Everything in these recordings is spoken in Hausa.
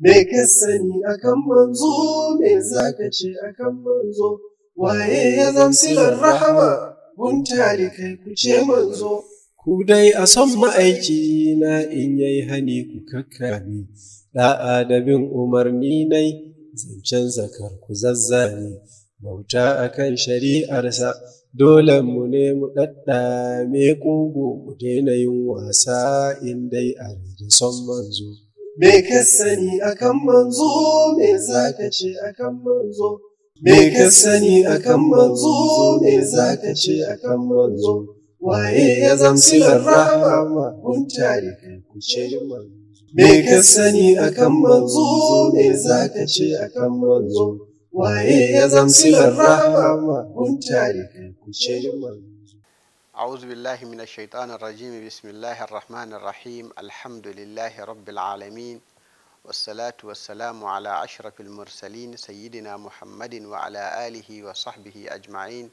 Me ka sani akan manzo, me za ka ce akan manzo, waye ya zamsilar rahama, guntare kai ku ce manzo. Ku dai a son ma'aiki na in yai hani ku kakkami, ɗa'a da bin umarni nai, zancen zakar ku zazzani, bauta akan shari'arsa, dole mu ne mu ɗaɗɗame ƙugu mu daina yin wasa in dai a son manzo. me ka sani akan manzo me zaka ce akan manzo me ka sani akan manzo me zaka ce akan manzo waye ya zamsilar rahama kun tare kai ku ce manzo me ka sani akan manzo me zaka ce akan manzo waye ya da rahama kun tare kai ku ce أعوذ بالله من الشيطان الرجيم بسم الله الرحمن الرحيم الحمد لله رب العالمين والصلاة والسلام على أشرف المرسلين سيدنا محمد وعلى آله وصحبه أجمعين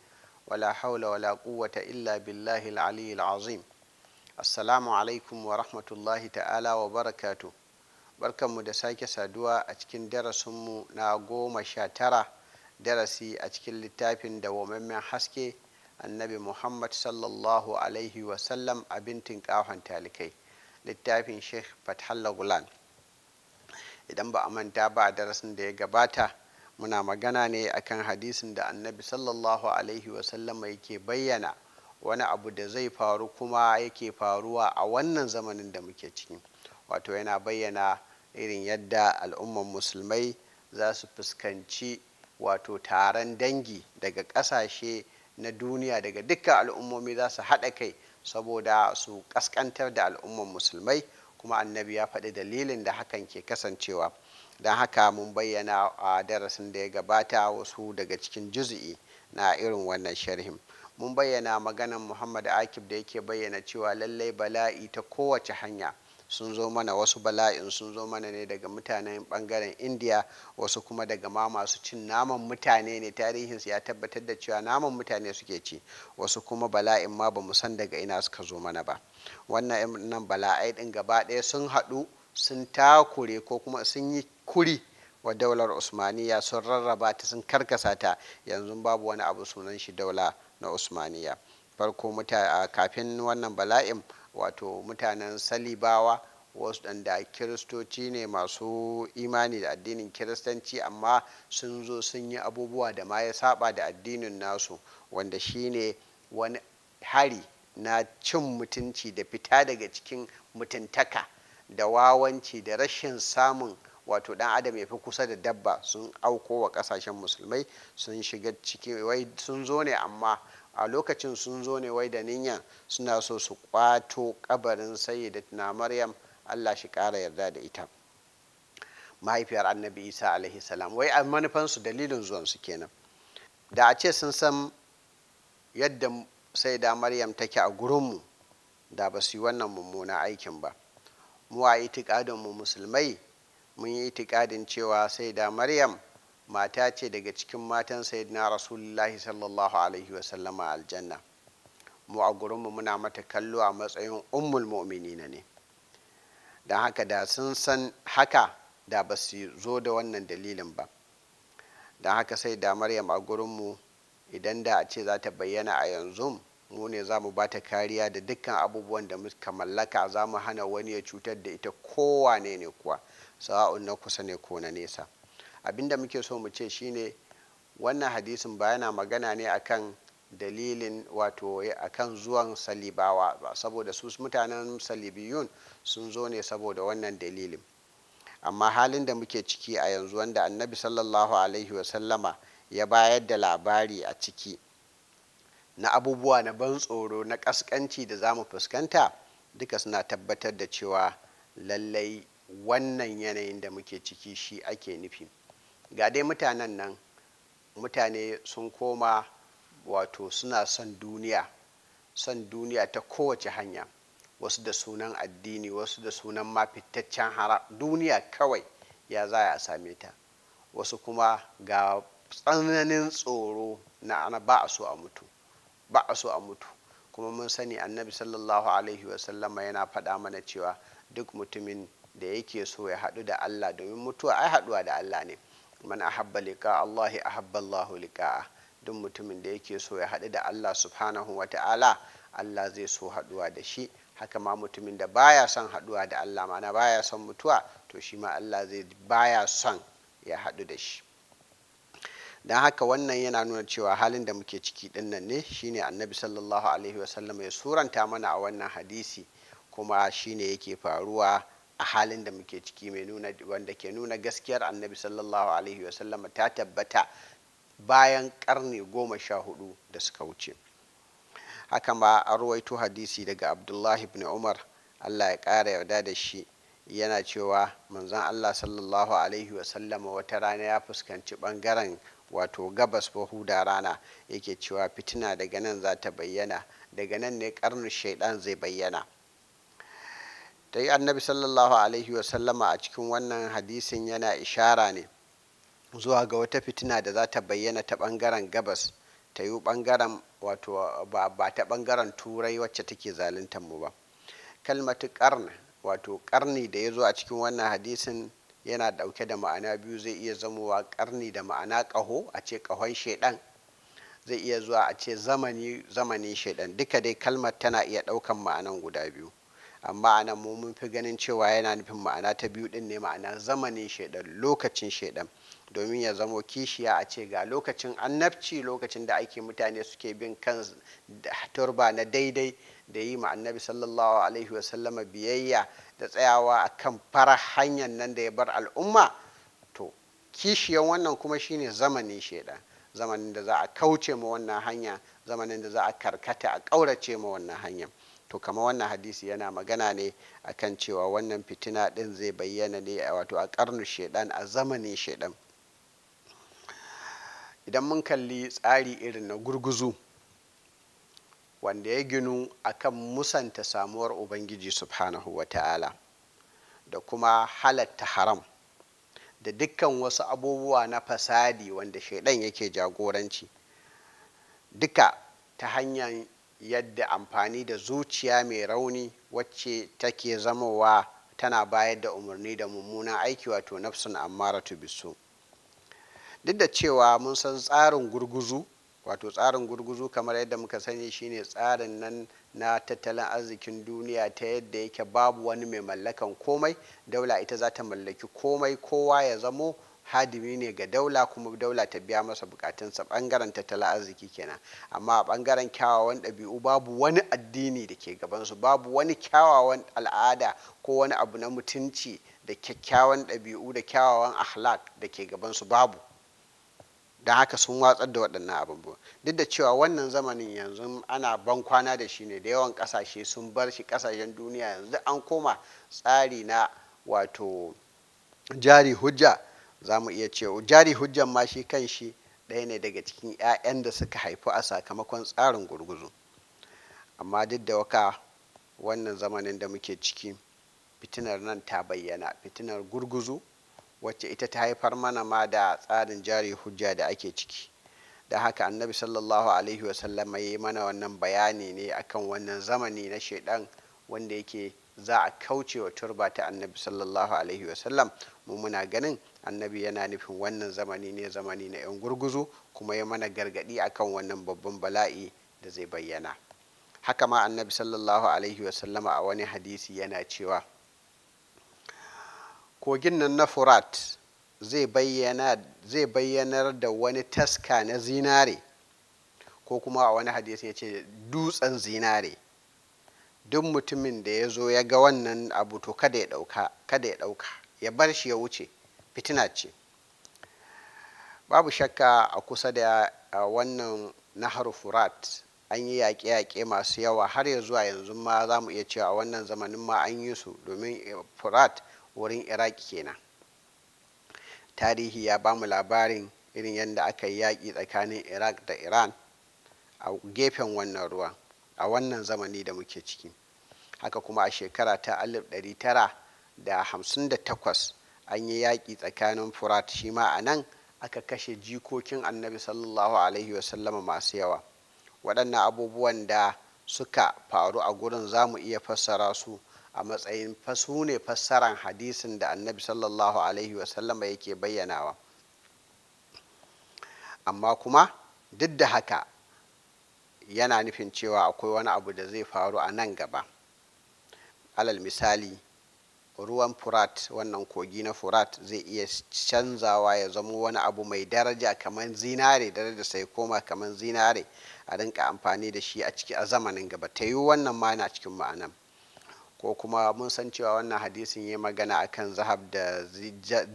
ولا حول ولا قوة إلا بالله العلي العظيم assalamu alaikum wa rahmatullahi ta'ala wa barakatu barkanmu da sake saduwa a cikin darasinmu na goma sha tara darasi a cikin littafin dawwammamen haske annabi muhammad sallallahu alaihi wasallam a bintin kahon talikai littafin sheikh fathallah gulan idan ba a manta ba a darasin da ya gabata muna magana ne akan hadisin da annabi sallallahu alaihi wasallama yake bayyana wani abu da zai faru kuma yake faruwa a wannan zamanin da muke ciki wato yana bayyana irin yadda al'umman musulmai za su fuskanci wato taron dangi daga ƙasashe na duniya daga dukkan al'ummomi za su haɗa kai saboda su ƙasƙantar da al'umman musulmai kuma annabi ya faɗi dalilin da hakan ke kasancewa don haka mun bayyana a darasin da ya gabata wasu daga cikin juzu'i na irin wannan sharhin mun bayyana maganan muhammad akib da yake bayyana cewa lallai bala'i ta kowace hanya sun zo mana wasu bala'in sun zo mana ne daga mutanen bangaren indiya wasu kuma daga ma masu cin naman mutane ne tarihinsu ya tabbatar da cewa naman mutane suke ci wasu kuma bala'in ma ba san daga ina suka zo mana ba wannan nan bala'ai din gaba ɗaya sun haɗu sun takure ko kuma sun yi kuri wa daular usmaniya sun rarraba ta sun karkasa ta yanzu babu wani abu sunan shi daula na usmaniya farko mutane kafin wannan bala'in wato mutanen salibawa wasu da kiristoci ne masu imani da addinin kiristanci amma sun zo sun yi abubuwa da ma ya saba da addinin nasu wanda shine wani hari na cin mutunci da fita daga cikin mutuntaka da wawanci da rashin samun wato dan adam ya fi kusa da dabba sun auko wa kasashen musulmai sun shiga ciki wai sun zo ne amma a lokacin sun zo ne wai da ninya suna so su kwato kabarin tuna maryam allah shi kara yarda da ita mahaifiyar annabi isa alaihi salam wai a manufansu dalilin zuwansu kenan da a ce sun san yadda sai da maryam take a gurinmu da ba su yi wannan mummuna aikin ba mu a itikadinmu musulmai mun yi itikadin cewa sai da maryam mata ce daga cikin matan sayyidina rasulullahi sallallahu alaihi wasallama aljanna mu a gurinmu muna mata kallo a matsayin ummul mu'minina ne don haka da sun san haka da ba su zo da wannan dalilin ba don haka sai da maryam a gurinmu idan da a ce za ta bayyana a yanzu mu ne za mu ba ta kariya da dukkan abubuwan da muka mallaka za mu hana wani ya cutar da ita kowane ne kuwa sawa'un na kusa ne ko na nesa abinda muke so mu ce shine wannan hadisin ba yana magana ne akan dalilin wato eh, akan zuwan salibawa ba saboda su mutanen salibiyun sun zo ne saboda wannan dalilin amma halin da muke ciki a yanzu wanda annabi sallallahu alaihi wasallama ya bayar da labari a ciki na abubuwa na ban tsoro na kaskanci da za mu fuskanta duka suna tabbatar da cewa lallai wannan yanayin da muke ciki shi ake nufi ga dai mutanen nan mutane sun koma wato suna son duniya son duniya ta kowace hanya wasu da sunan addini wasu da sunan mafitaccen hara duniya kawai ya za a same ta wasu kuma ga tsananin tsoro na ba a so a mutu ba a so a mutu kuma mun sani annabi sallallahu alaihi wasallama yana faɗa mana cewa duk mutumin da yake so ya haɗu da allah domin mutuwa ai haɗuwa da allah ne man ahabba liqa Allahi ahabba Allah liqa'a duk mutumin da yake so ya haɗu da Allah subhanahu wa ta'ala Allah zai so haɗuwa da shi haka ma mutumin da baya son haɗuwa da Allah mana baya son mutuwa to shi ma Allah zai baya son ya haɗu da shi don haka wannan yana nuna cewa halin da muke ciki din nan ne shine annabi sallallahu alaihi wasallam ya suranta mana a wannan hadisi kuma shine yake faruwa a halin da muke ciki mai nuna wanda ke nuna gaskiyar annabi sallallahu alaihi wasallama ta tabbata bayan karni goma sha hudu da suka wuce haka ma a ruwaito hadisi daga abdullahi ibn umar allah ya ƙara yarda da shi yana cewa manzon allah sallallahu alaihi wasallama wata rana ya fuskanci bangaren wato gabas bahuda rana yake cewa fitina daga nan za ta bayyana daga nan ne karnin shaidan zai bayyana ta yi annabi sallallahu alaihi wasallama a cikin wannan hadisin yana ishara ne zuwa ga wata fitina da za ta bayyana ta bangaren gabas ta yi bangaren wato ba ta bangaren turai wacce take zalintar mu ba kalmatu karni wato karni da ya zo a cikin wannan hadisin yana dauke da ma'ana biyu zai iya zamowa karni da ma'ana kaho a ce kahon shaidan zai iya zuwa a ce zamani zamanin shaidan duka dai kalmar tana iya daukan ma'anan guda biyu amma anan mu mun fi ganin cewa yana nufin ma'ana ta biyu din ne ma'ana zamanin shaidan lokacin shaidan domin ya zamo kishiya a ce ga lokacin annabci lokacin da ake mutane suke bin kan turba na daidai da yi annabi sallallahu alaihi wasallama biyayya da tsayawa a kan fara hanyar nan da ya bar al'umma to kishiyan wannan kuma shine zamanin shaidan zamanin da za a kauce ma wannan hanya zamanin da za a karkata a ƙaurace ma wannan hanyar to kama wannan hadisi yana magana ne akan cewa wannan fitina ɗin zai bayyana ne a wato a karnu shedan a zamanin shedan idan mun kalli tsari irin na gurguzu wanda ya ginu kan musanta samuwar ubangiji subhanahu wa ta'ala da kuma halatta haram da dukkan wasu abubuwa na fasadi wanda shaidan yake jagoranci duka ta hanyar yadda amfani da zuciya mai rauni wacce take zamowa tana bayar da umarni da mummunan aiki wato nafsun ammaratu bisu duk da cewa mun san tsarin gurguzu wato tsarin gurguzu kamar yadda muka sani shine tsarin nan na tattalin arzikin duniya ta yadda yake babu wani mai mallakan komai daula ita za ta mallaki komai kowa ya zamo hadimi ne ga daula kuma daula ta biya masa bukatunsa bangaren tattala arziki kenan amma a bangaren kyawawan ɗabi'u babu wani addini da ke gabansu babu wani kyawawan al'ada ko wani abu na mutunci da kyakkyawan ɗabi'u da kyawawan ahlak da ke gabansu babu don haka sun watsar da waɗannan abubuwa duk da cewa wannan zamanin yanzu ana ban kwana da shi ne da yawan kasashe sun bar shi kasashen duniya yanzu an koma tsari na wato jari hujja za mu iya ce jari hujjan ma shi kan shi ɗaya ne daga cikin 'ya'yan da suka haifu a sakamakon tsarin gurguzu amma duk da waka wannan zamanin da muke ciki fitinar nan ta bayyana fitinar gurguzu wacce ita ta haifar mana ma da tsarin jari hujja da ake ciki da haka annabi sallallahu alaihi wasallam ya yi mana wannan bayani ne akan wannan zamani na shaidan wanda yake za a kauce wa turba ta annabi sallallahu alaihi wasallam mu muna ganin annabi yana nufin wannan zamani ne zamani na 'yan gurguzu kuma ya mana gargadi kan wannan babban bala'i da zai bayyana haka ma annabi sallallahu alaihi wasallama a wani hadisi yana cewa kogin nan na furat zai bayyanar da wani taska na zinare ko kuma a wani hadisi ya ce dutsen zinare duk mutumin da ya zo ya ga wannan abu to kada ya dauka kada ya ɗauka ya bar shi ya wuce fitina ce babu shakka a kusa da wannan nahar furat an yi yaƙe-yaƙe masu yawa har ya zuwa yanzu ma za mu iya cewa wannan zamanin ma an yi su domin eh, furat wurin iraki kenan tarihi ya ba mu labarin irin yadda aka yi yaƙi tsakanin iraq da iran a gefen wannan ruwa a wannan zamani da muke ciki haka kuma a shekara ta 1958 an yi yaƙi tsakanin furat shi ma a nan aka kashe jikokin annabi sallallahu alaihi wasallama masu yawa waɗannan abubuwan da suka faru a gurin za mu iya fassara su a matsayin fasu ne fassaran hadisin da annabi sallallahu alaihi wasallama yake bayyanawa amma kuma duk da haka yana nufin cewa akwai wani abu da zai faru a nan gaba alal misali ruwan furat wannan kogi na furat zai iya canzawa ya zama wani abu mai daraja kamar zinare daraja sai koma kamar zinare a rinka amfani da shi a ciki a zamanin gaba ta yi wannan ma na cikin ma'anan ko kuma mun san cewa wannan hadisin ya magana akan zahab da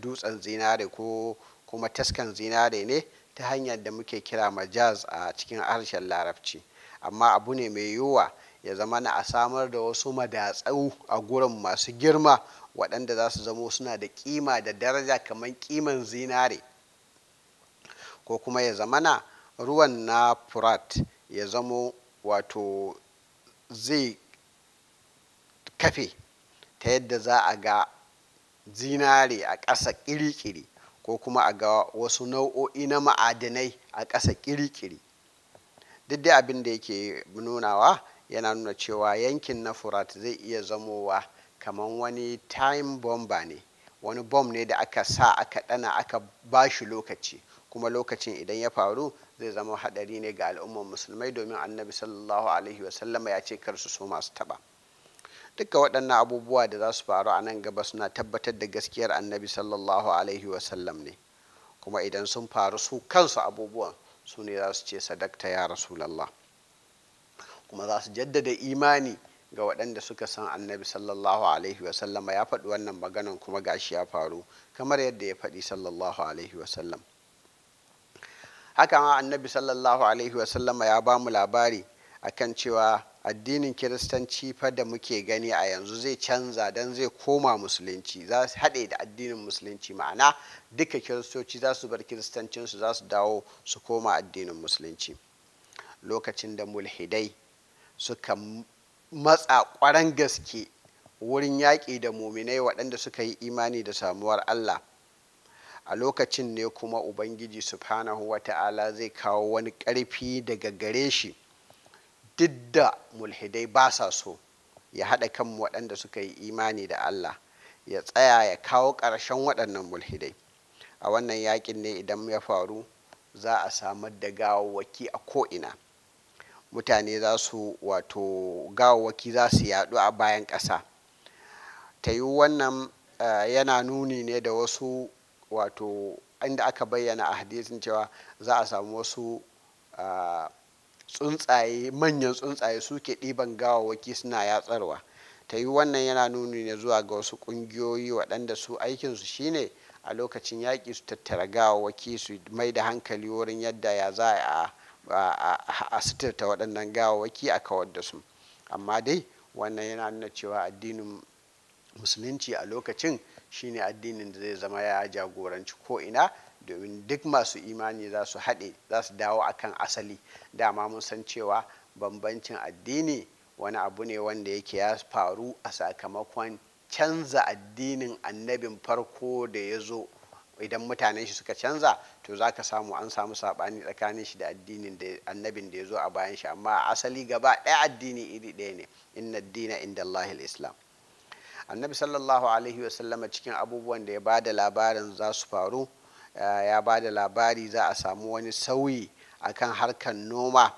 dutsen zinare ko kuma taskan zinare ne ta hanyar da muke kira majaz a cikin harshen larabci amma abu ne mai yiwuwa ya zama na a samar da wasu madatsau a gurin masu girma waɗanda za su zamo suna da kima da daraja kamar kiman zinare ko kuma ya zama na ruwan na furat ya zamo wato zai kafe ta yadda za a ga zinare a ƙasa ƙirikiri ko kuma a ga wasu nau'o'i na ma'adinai a ƙasa ƙirikiri duk dai abin da yake nunawa yana nuna cewa yankin na furat zai iya zamowa kamar wani time bomba ne wani bom ne da aka sa aka dana aka ba shi lokaci kuma lokacin idan ya faru zai zama hadari ne ga al'ummar musulmai domin annabi sallallahu alaihi wasallama ya ce kar su so masu taba duka waɗannan abubuwa da za su faru a nan gaba suna tabbatar da gaskiyar annabi sallallahu alaihi wasallam ne kuma idan sun faru su kansu abubuwan su ne za su ce sadakta ya rasulallah kuma za su jaddada imani ga waɗanda suka san annabi sallallahu alaihi wasallama ya faɗi wannan maganan kuma gashi ya faru kamar yadda ya faɗi sallallahu alaihi wasallam haka ma annabi sallallahu alaihi wasallama ya ba mu labari akan cewa addinin kiristanci fa da muke gani a yanzu zai canza don zai koma musulunci za su haɗe da addinin musulunci ma'ana duka kiristoci za su bar kiristancinsu za su dawo su koma addinin musulunci lokacin da mulhidai suka matsa ƙwaran gaske wurin yaƙi da muminai waɗanda suka yi imani da samuwar Allah a lokacin ne kuma ubangiji subhanahu ta'ala zai kawo wani ƙarfi daga gare shi duk da mulhidai ba sa so ya haɗa kan waɗanda suka yi imani da Allah ya tsaya ya kawo ƙarshen waɗannan mulhidai a wannan yaƙin ne idan ya faru za a samar da gawawwaki a ko'ina mutane za su wato gawawaki za su yadu a bayan ƙasa ta yi wannan eh, yana nuni ne da wasu wato inda aka bayyana a hadisin cewa za a samu wasu ah, tsuntsaye manyan tsuntsaye suke ɗiban gawawaki suna yatsarwa ta yi wannan yana nuni ne zuwa ga wasu ƙungiyoyi waɗanda su aikinsu shine a lokacin yaƙi su tattara gawawaki su mai da hankali wurin yadda ya za a a ta waɗannan gawawaki a kawar da su amma dai wannan yana nuna cewa addinin musulunci a lokacin shine addinin da zai zama ya jagoranci ko'ina domin duk masu imani za su haɗe za su dawo akan asali dama mun san cewa bambancin addini wani abu ne wanda yake ya faru a sakamakon canza addinin annabin farko da ya zo idan mutanen shi suka canza to za ka samu an samu saɓani tsakanin shi da addinin da annabin da ya zo a bayan shi amma asali gaba ɗaya addini iri ɗaya ne inna dina inda Allahil islam annabi sallallahu alaihi wasallama cikin abubuwan da ya ba da labarin za su faru eh, ya ba da labari za a samu wani sauyi akan harkan noma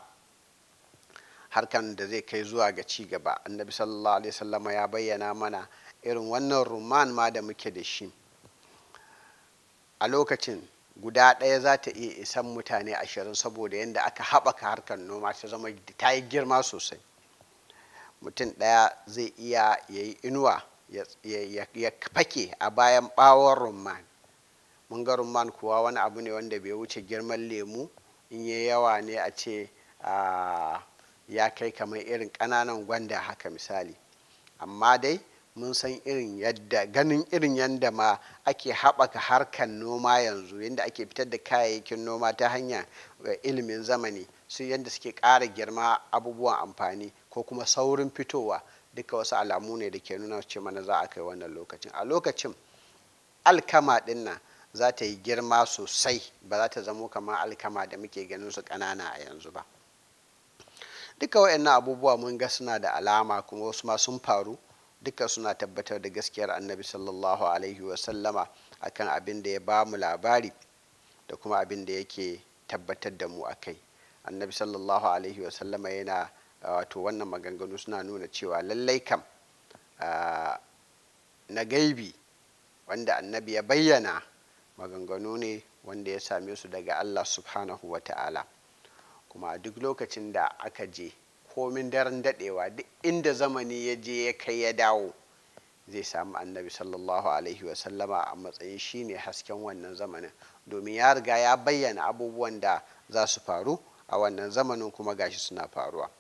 harkan da zai kai zuwa ga ci gaba annabi sallallahu alaihi wasallama ya bayyana mana irin wannan ruman ma da muke da shi a lokacin guda ɗaya za ta iya isan mutane ashirin saboda yadda aka haɓaka harkar noma ta zama ta yi girma sosai mutum ɗaya zai iya ya yi inuwa ya fake a bayan ɓawon rumman mun ga rumman kuwa wani abu ne wanda bai wuce girman lemu in yi yawa ne a ce ya kai kamar irin ƙananan gwanda haka misali amma dai mun san irin yadda ganin irin yadda ma ake haɓaka harkar noma yanzu yadda ake fitar da kayayyakin noma ta hanyar eh, ilimin zamani su yadda suke ƙara girma abubuwan amfani ko kuma saurin fitowa duka wasu alamu ne da ke nuna ce mana za a kai wannan lokacin a lokacin alkama ɗin nan za ta yi girma sosai ba za ta zamo kamar alkama da muke ganin su ƙanana a yanzu ba duka waɗannan abubuwa mun ga suna da alama kuma wasu ma sun faru duka suna tabbatar da gaskiyar annabi sallallahu alaihi wasallama akan abin da ya ba mu labari da kuma abin da yake tabbatar da mu a kai annabi sallallahu alaihi wasallama yana wato wannan maganganu suna nuna cewa lallai kam na gaibi wanda annabi ya bayyana maganganu ne wanda ya same su daga allah subhanahu wa ta'ala kuma duk lokacin da aka je komin daren daɗewa duk inda zamani ya je ya kai ya dawo zai samu annabi sallallahu alaihi wasallama a matsayin shine hasken wannan zamanin domin ya riga ya bayyana abubuwan da za su faru a wannan zamanin kuma gashi suna faruwa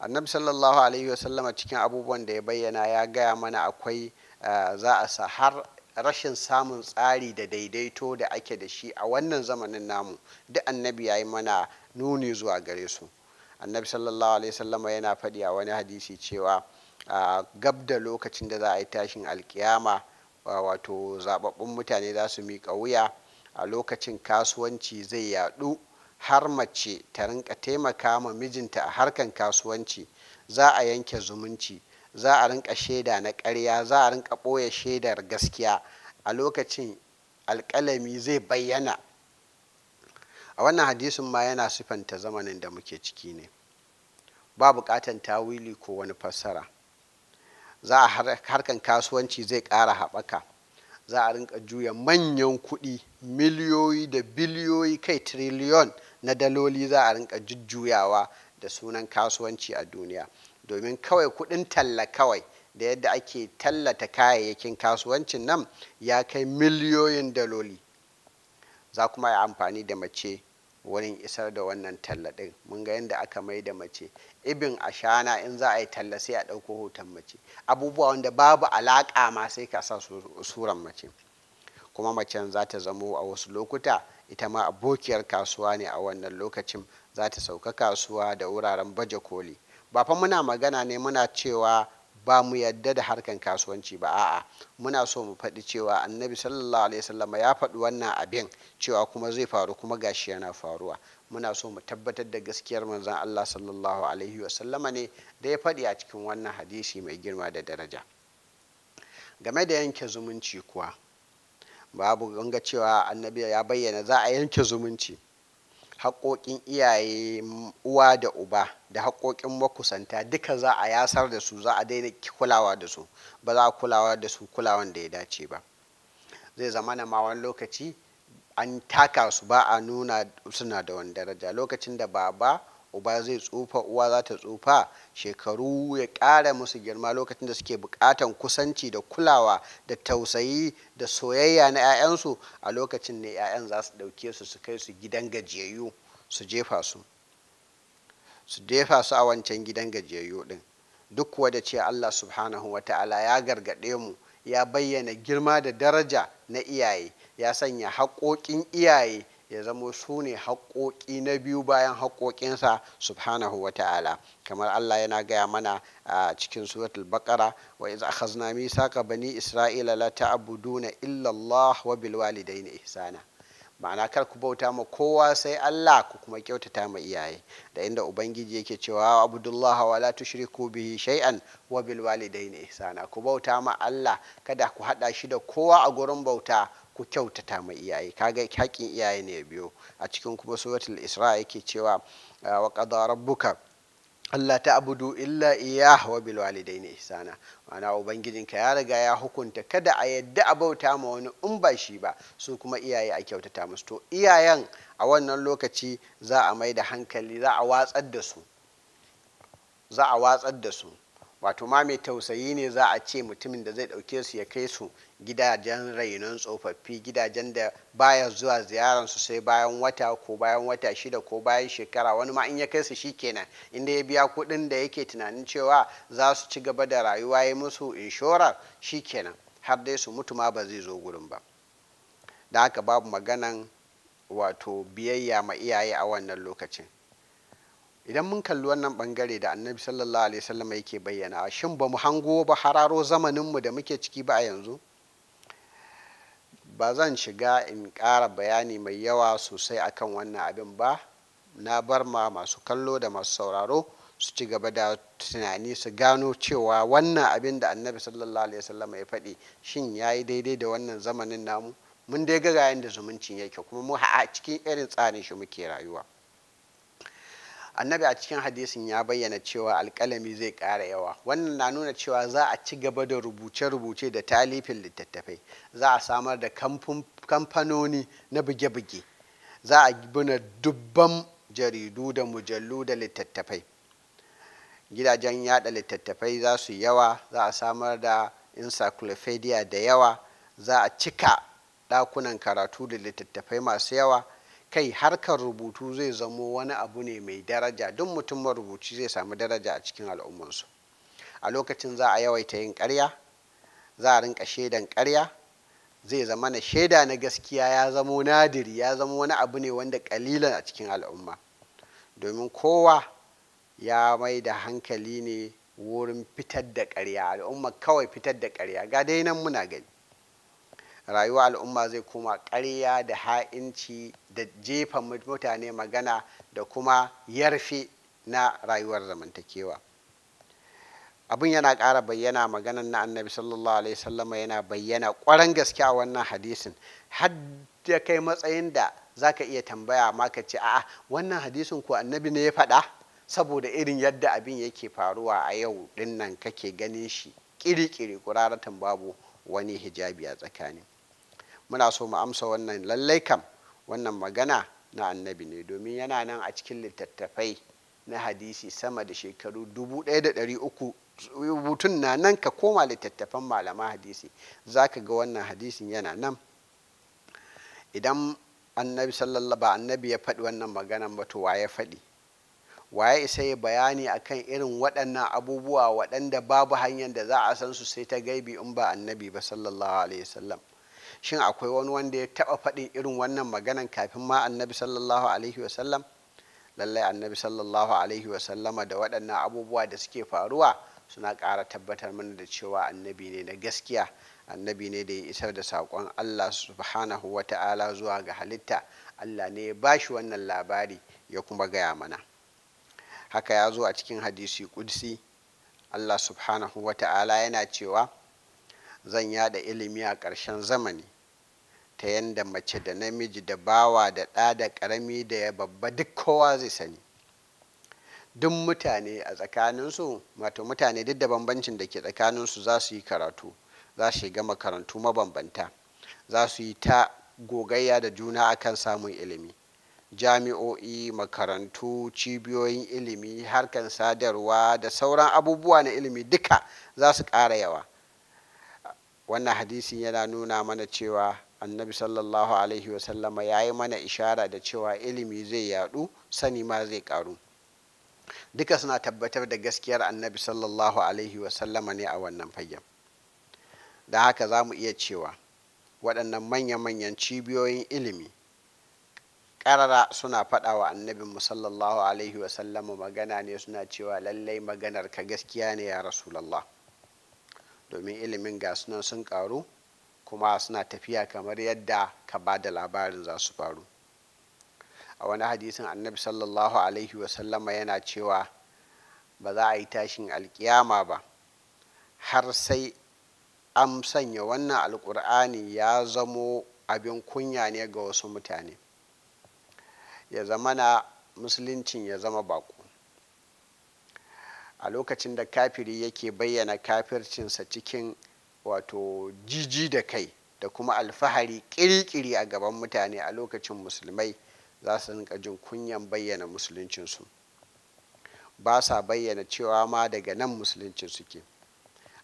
annabi sallallahu alaihi wasallama cikin abubuwan da ya bayyana ya gaya mana akwai eh, za a sa har rashin samun tsari da daidaito da ake da shi a wannan zamanin namu duk annabi ya yi mana nuni zuwa gare su annabi sallallahu alaihi sallama yana faɗi a wani hadisi cewa gab da lokacin da za a yi tashin alkiyama wato zababbun mutane za su miƙa wuya a lokacin kasuwanci zai yaɗu har mace ta rinka taimaka ma mijinta a harkan kasuwanci za a yanke zumunci za a rinka shaida na ƙarya za a rinka ɓoye shaidar gaskiya a lokacin alƙalami zai bayyana a wannan hadisin ma yana sifanta zamanin da muke ciki ne ba bukatan tawili ko wani fassara za a harkan kasuwanci zai kara haɓaka za a rinka juya manyan kuɗi miliyoyi da biliyoyi kai triliyon na daloli za a rinka jujjuyawa da sunan kasuwanci a duniya domin kawai kuɗin talla kawai da yadda ake tallata kayayyakin kasuwancin nan ya kai miliyoyin daloli za kuma yi amfani da mace wurin isar da wannan talla ɗin mun ga yadda aka mai da mace ibin ashana in za a yi talla sai a ɗauko hoton mace abubuwa wanda babu alaƙa ma sai ka sa suran mace kuma macen za ta zamo a wasu lokuta ita ma abokiyar kasuwa ne a wannan lokacin za ta sauka kasuwa da wuraren baje koli ba fa muna magana ne muna cewa ba mu yadda da harkan kasuwanci ba a'a muna so mu faɗi cewa annabi sallallahu alaihi wasallam ya faɗi wannan abin cewa kuma zai faru kuma gashi yana faruwa muna so mu tabbatar da gaskiyar manzon Allah sallallahu alaihi wasallama ne da ya faɗi a cikin wannan hadisi mai girma da daraja game da yanke zumunci kuwa babu ganga cewa annabi ya bayyana za a yanke zumunci haƙoƙin iyaye uwa da uba da haƙoƙin makusanta duka za a yasar da su za a daina kulawa da su ba za a kulawa da su kulawan da ya dace ba zai zama na ma wani lokaci an taka su ba a nuna suna da wani daraja lokacin da baba uba zai tsufa uwa za ta tsufa shekaru ya ƙara musu girma lokacin da suke buƙatan kusanci da kulawa da tausayi da soyayya na 'ya'yansu a lokacin ne 'ya'yan za su ɗauke su su kai su gidan gajiyayyu su jefa su su jefa su a wancan gidan gajiyayyu ɗin duk wadda ce allah subhanahu wa ta'ala ya gargaɗe mu ya bayyana girma da daraja na iyaye ya sanya haƙoƙin iyaye ya zama su ne haƙoƙi na biyu bayan haƙoƙinsa subhanahu wa ta'ala kamar Allah yana gaya mana a cikin suratul baqara wa iz akhazna mithaqa bani isra'ila la ta'buduna illa Allah wa bil walidayni ihsana ma'ana kar ku bauta ma kowa sai Allah ku kuma kyautata ma iyaye da inda ubangiji yake cewa Abdullah wa la tushriku bihi shay'an wa bil walidayni ihsana ku bauta ma Allah kada ku hada shi da kowa a gurin bauta ku kyautata ma iyaye kaga haƙƙin iyaye ne ya biyo a cikin kuma suratul isra yake cewa ah, wa qada rabbuka Allah ta abudu illa iya wa bil ne sana ma'ana ubangijinka ya riga ya hukunta kada a yadda a bauta ma wani in ba shi ba su kuma iyaye a kyautata musu to iyayen a wannan lokaci za a mai da hankali za a watsar da su za a watsar da su wato ma mai tausayi ne za a ce mutumin da zai ɗauke su ya kai su gidajen rainon tsofaffi gidajen da baya zuwa ziyarar su sai bayan wata ko bayan wata shida ko bayan shekara wani ma in ya kai su shi shikenan inda ya biya kuɗin da yake tunanin cewa za su ci gaba da rayuwa ya musu inshorar shikenan har dai su mutu ma ba zai zo gurin ba da haka babu maganan wato biyayya ma iyaye a wannan lokacin idan mun kalli wannan bangare da annabi sallallahu alaihi wasallam yake bayyana shin ba mu hango ba hararo zamanin mu da muke ciki ba a yanzu ba zan shiga in ƙara bayani mai yawa sosai akan wannan abin ba na bar ma masu kallo da masu sauraro su ci gaba da tunani su gano cewa wannan abin da annabi sallallahu alaihi wasallam ya faɗi shin ya yi daidai da wannan zamanin namu mun dai ga da zumuncin yake kuma mu a cikin irin tsarin shi muke rayuwa annabi a cikin hadisin ya bayyana cewa alkalami zai ƙara yawa wannan na nuna cewa za a ci gaba da rubuce-rubuce da talifin littattafai za a samar da kamfanoni na buge-buge za a gina dubban jaridu da mujallu da littattafai gidajen yada littattafai za su yawa za a samar da encyclopedia da yawa za a cika ɗakunan karatu da littattafai masu yawa kai harkar rubutu zai zamo wani abu ne mai daraja duk mutum marubuci zai samu daraja a cikin al'ummansu, a lokacin za a yawaita yin karya za a rinka shaidan karya zai zama na shaida na gaskiya ya zamo nadiri ya zama wani abu ne wanda kalilan a cikin al'umma domin kowa ya mai da hankali ne wurin fitar da karya al'umma kawai fitar da karya ga dai nan muna gani rayuwa al'umma zai koma ƙarya da ha'inci da jefa mutane magana da kuma yarfe na rayuwar zamantakewa abin yana ƙara bayyana maganan na annabi sallallahu alaihi sallama yana bayyana ƙwaran gaske a wannan hadisin har da kai matsayin da za ka iya tambaya maka ka ce a'a wannan hadisin ko annabi ne ya faɗa saboda irin yadda abin yake faruwa a yau dinnan kake ganin shi ƙiri-ƙiri kuraratan babu wani hijabi a tsakani muna so mu amsa wannan lallai kam wannan magana na annabi ne domin yana nan a cikin littattafai na hadisi sama da shekaru 1300 rubutun na nan ka koma littattafan malama hadisi za ka ga wannan hadisin yana nan idan annabi sallallahu ba annabi ya faɗi wannan magana ba to waye faɗi waye isa ya bayani akan irin waɗannan abubuwa waɗanda babu hanyar da za a san su sai ta gaibi in ba annabi ba sallallahu alaihi wasallam shin akwai wani wanda ya taba faɗin irin wannan maganan kafin ma annabi sallallahu alaihi wasallam lallai annabi sallallahu alaihi wasallama da waɗannan abubuwa da suke faruwa suna ƙara tabbatar mana da cewa annabi ne na gaskiya annabi ne da ya isar da saƙon allah subhanahu wa ta'ala zuwa ga halitta allah ne ya ba shi wannan labari ya kuma gaya mana haka ya zo a cikin hadisi kudsi allah subhanahu wa ta'ala yana cewa zan yada ilimi a ƙarshen zamani ta yadda mace da namiji da bawa da ɗa da ƙarami da ya babba duk kowa zai sani duk mutane a tsakaninsu wato mutane duk da bambancin da ke tsakaninsu za su yi karatu za su shiga makarantu mabambanta za su yi ta gogayya da juna akan samun ilimi jami'o'i makarantu cibiyoyin ilimi harkan sadarwa da sauran abubuwa na ilimi duka za su ƙara yawa wannan hadisin yana nuna mana cewa annabi sallallahu alaihi wasallama ya yi mana ishara da cewa ilimi zai yadu sani ma zai karu duka suna tabbatar da gaskiyar annabi sallallahu alaihi wasallama ne a wannan fagen da haka za mu iya cewa waɗannan manya-manyan cibiyoyin ilimi ƙarara suna faɗa wa annabin sallallahu alaihi wasallama magana ne suna cewa lallai maganar ka gaskiya ne ya rasulallah domin ilimin ga nan sun karu kuma suna tafiya kamar yadda ka ba da labarin za su faru a wani hadisin annabi sallallahu alaihi wasallama yana cewa ba za a yi tashin alkiyama ba har sai an sanya wannan alkur'ani ya zamo abin kunya ne ga wasu mutane ya zama na musuluncin ya zama bako a lokacin da kafiri yake bayyana kafircinsa cikin wato jiji da kai da kuma alfahari kiri-kiri a gaban mutane a lokacin musulmai za su rinka jin kunyan bayyana musuluncinsu ba sa bayyana cewa ma daga nan musuluncin suke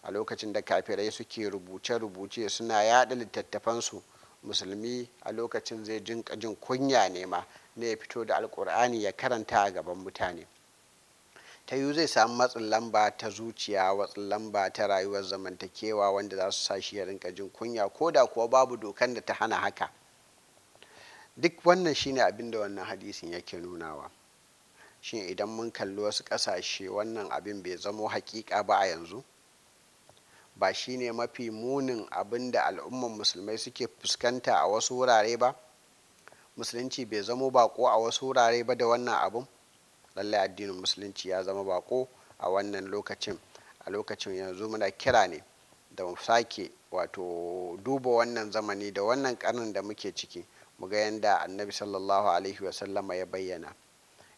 a lokacin da kafirai suke rubuce-rubuce suna yada littattafansu musulmi a lokacin zai jinka jin kunya nema ma ne ya fito da alkur'ani ya karanta a gaban mutane ta yiwu zai samu matsin lamba ta zuciya watsin lamba ta rayuwar zamantakewa wanda za su sa shi ya rinka jin kunya ko da kuwa babu dokan da ta hana haka duk wannan shine abin da wannan hadisin yake nunawa shin idan mun kalli wasu ƙasashe wannan abin bai zamo hakika ba a yanzu ba shine mafi munin abin da al'umman musulmai suke fuskanta a wasu wurare ba musulunci bai zamo bako a wasu wurare ba da wannan abin lallai addinin musulunci ya zama bako a wannan lokacin a lokacin yanzu muna kira ne da mu sake wato duba wannan zamani da wannan karnin da muke ciki mu ga yanda annabi sallallahu alaihi wasallama ya bayyana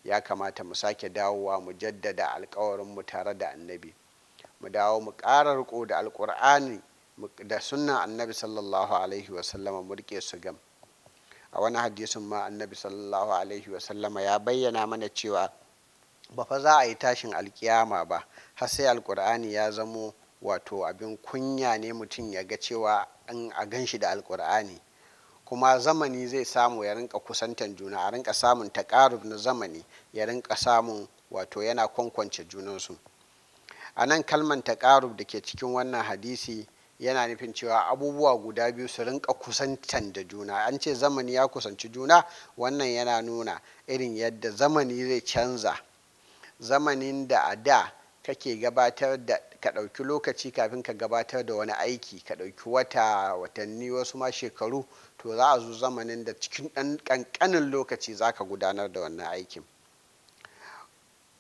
ya kamata mu sake dawowa mu jaddada alkawarin mu tare da annabi mu dawo mu ƙara riko da alkur'ani da sunnan annabi sallallahu alaihi wasallama mu rike su gam a wani hadisin ma annabi sallallahu alaihi wasallama ya bayyana mana cewa ba fa za a yi tashin alkiyama ba har sai alkur'ani ya zamo wato abin kunya ne mutum ya ga cewa an a gan shi da alkur'ani kuma zamani zai samu ya rinka kusantan juna a rinka samun taƙarub na zamani ya rinka samun wato yana kwankwance junansu a nan kalman taƙarub da ke cikin wannan hadisi yana nufin cewa abubuwa guda biyu su rinka kusantan da juna an ce zamani ya kusanci juna wannan yana nuna irin yadda zamani zai canza zamanin da a da kake gabatar da ka ɗauki lokaci kafin ka gabatar da wani aiki ka ɗauki wata watanni wasu ma shekaru to za a zo zamanin da cikin ɗan ƙanƙanin lokaci za ka gudanar da wannan aikin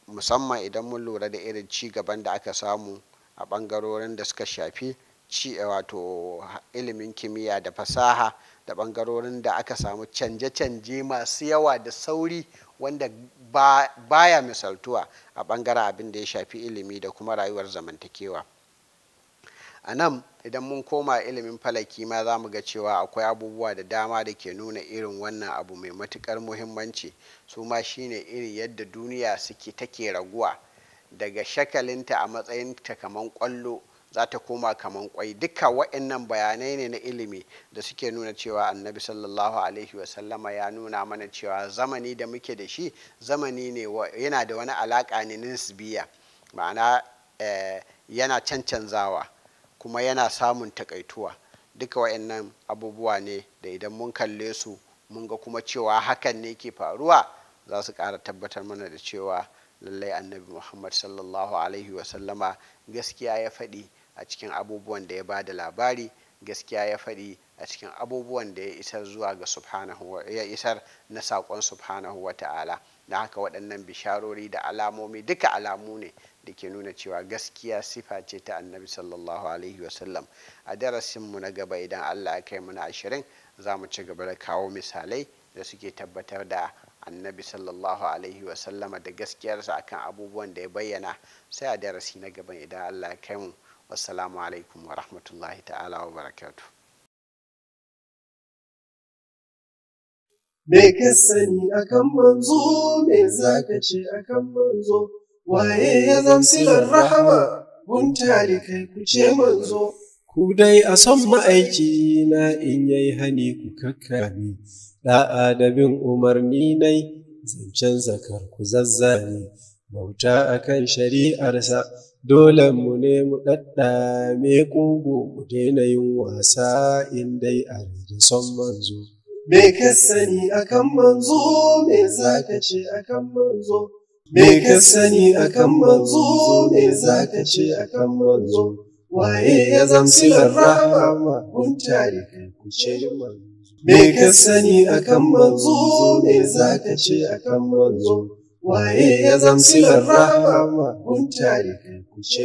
musamman idan mun lura da irin ci gaban da aka samu a ɓangarorin da suka shafi ci eh, wato ilimin kimiyya da fasaha da bangarorin da aka samu canje-canje masu yawa da sauri wanda baya misaltuwa a ɓangaren abin da ya shafi ilimi da kuma rayuwar zamantakewa a nan idan mun koma ilimin falaki ma za mu ga cewa akwai abubuwa da dama da ke nuna irin wannan abu mai matukar muhimmanci su ma shine irin yadda duniya suke take raguwa daga shakalinta a matsayin ta kaman kwallo za ta koma kaman kwai duka wa'annan bayanai ne na ilimi da suke nuna cewa annabi sallallahu alaihi wasallama ya nuna mana cewa zamani da muke da shi zamani ne yana da wani alaƙa ne nisbiya ma'ana eh, yana cancanzawa kuma yana samun takaituwa duka wa'annan abubuwa ne da idan mun kalle su mun ga kuma cewa hakan ne ke faruwa za su ƙara tabbatar mana da cewa lallai annabi muhammad sallallahu alaihi wasallama gaskiya ya faɗi a cikin abubuwan da ya ba da labari gaskiya ya faɗi a cikin abubuwan da ya isar zuwa ga subhanahu ya isar na saƙon subhanahu wa ta'ala da haka waɗannan bisharori da alamomi duka alamu ne da ke nuna cewa gaskiya sifa ce ta annabi sallallahu alaihi wasallam a darasinmu na gaba idan allah ya kai mu na ashirin za mu ci gaba da kawo misalai da suke tabbatar da annabi sallallahu alaihi wasallama da gaskiyarsa akan abubuwan da ya bayyana sai a darasi na gaban idan allah ya kai mu wassalamu alaikum wa rahmatullahi ta'ala wa barakatu me ka sani akan manzo me za ka ce akan manzo waye ya zamsilar rahama kun tare kai ku ce manzo ku dai a son ma'aiki na in yayi hani ku kakkami da'a da bin umarni nai zancen zakar ku zazzani bauta akan shari'arsa Dole mu ne mu ɗaɗɗame ƙugu mu daina yin wasa in dai a rage son manzo. Me ka sani akan manzo, me za ka ce akan manzo? Me ka sani kan manzo, me za ka ce akan manzo? Waye ya zamsilar rahama, kun tare kai ku ce manzo. Me ka sani akan manzo, me za ka ce akan manzo? waye ya zamsilar rahama mun tare kai ku ce